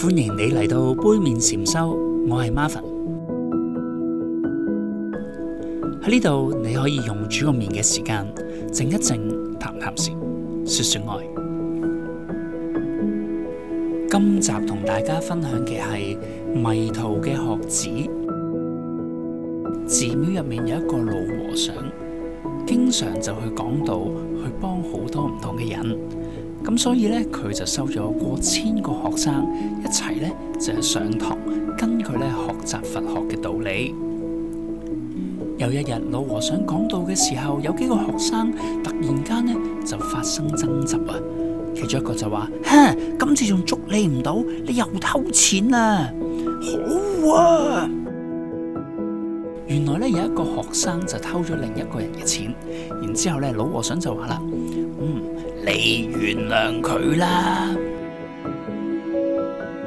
歡迎你嚟到杯麵禪修，我係 Marvin 喺，呢度你可以用煮個麵嘅時間靜一靜，談談禪，說說愛。今集同大家分享嘅係迷途嘅學子。寺廟入面有一個老和尚，經常就去講道，去幫好多唔同嘅人。咁所以咧，佢就收咗過千個學生一齊咧，就去上堂跟佢咧學習佛學嘅道理。嗯、有一日老和尚講道嘅時候，有幾個學生突然間咧就發生爭執啊！其中一個就話：哼，今次仲捉你唔到，你又偷錢、哦、啊！好啊！原來咧，有一個學生就偷咗另一個人嘅錢，然之後咧，老和尚就話啦：嗯，你原諒佢啦。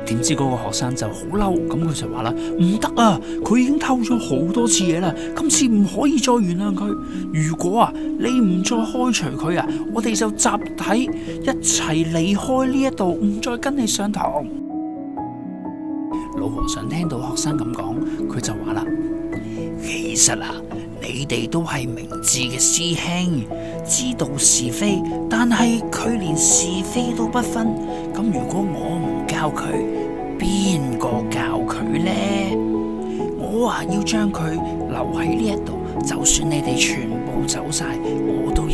點知嗰個學生就好嬲，咁佢就話啦：唔得啊，佢已經偷咗好多次嘢啦，今次唔可以再原諒佢。如果啊，你唔再開除佢啊，我哋就集體一齊離開呢一度，唔再跟你上堂。和尚聽到學生咁講，佢就話啦，其實啊，你哋都係明智嘅師兄，知道是非，但係佢連是非都不分。咁如果我唔教佢，邊個教佢咧？我話要將佢留喺呢一度，就算你哋全部走晒，我都。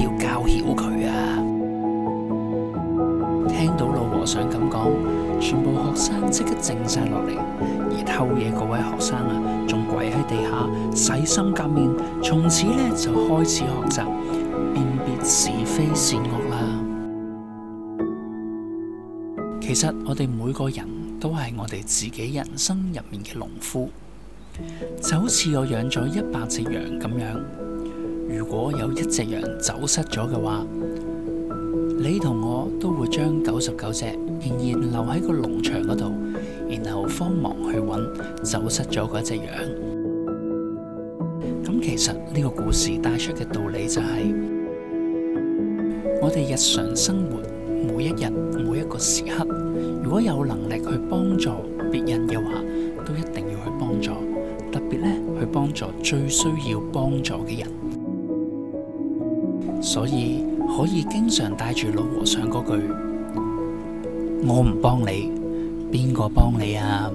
學生即刻靜晒落嚟，而偷嘢嗰位學生啊，仲跪喺地下洗心革面，從此呢，就開始學習辨別是非善惡啦。其實我哋每個人都係我哋自己人生入面嘅農夫，就好似我養咗一百隻羊咁樣，如果有一隻羊走失咗嘅話。你同我都會將九十九隻仍然留喺個農場嗰度，然後慌忙去揾走失咗嗰一隻羊。咁其實呢個故事帶出嘅道理就係，我哋日常生活每一日每一個時刻，如果有能力去幫助別人嘅話，都一定要去幫助，特別咧去幫助最需要幫助嘅人。所以可以經常帶住老和尚嗰句：「我唔幫你，邊個幫你啊？」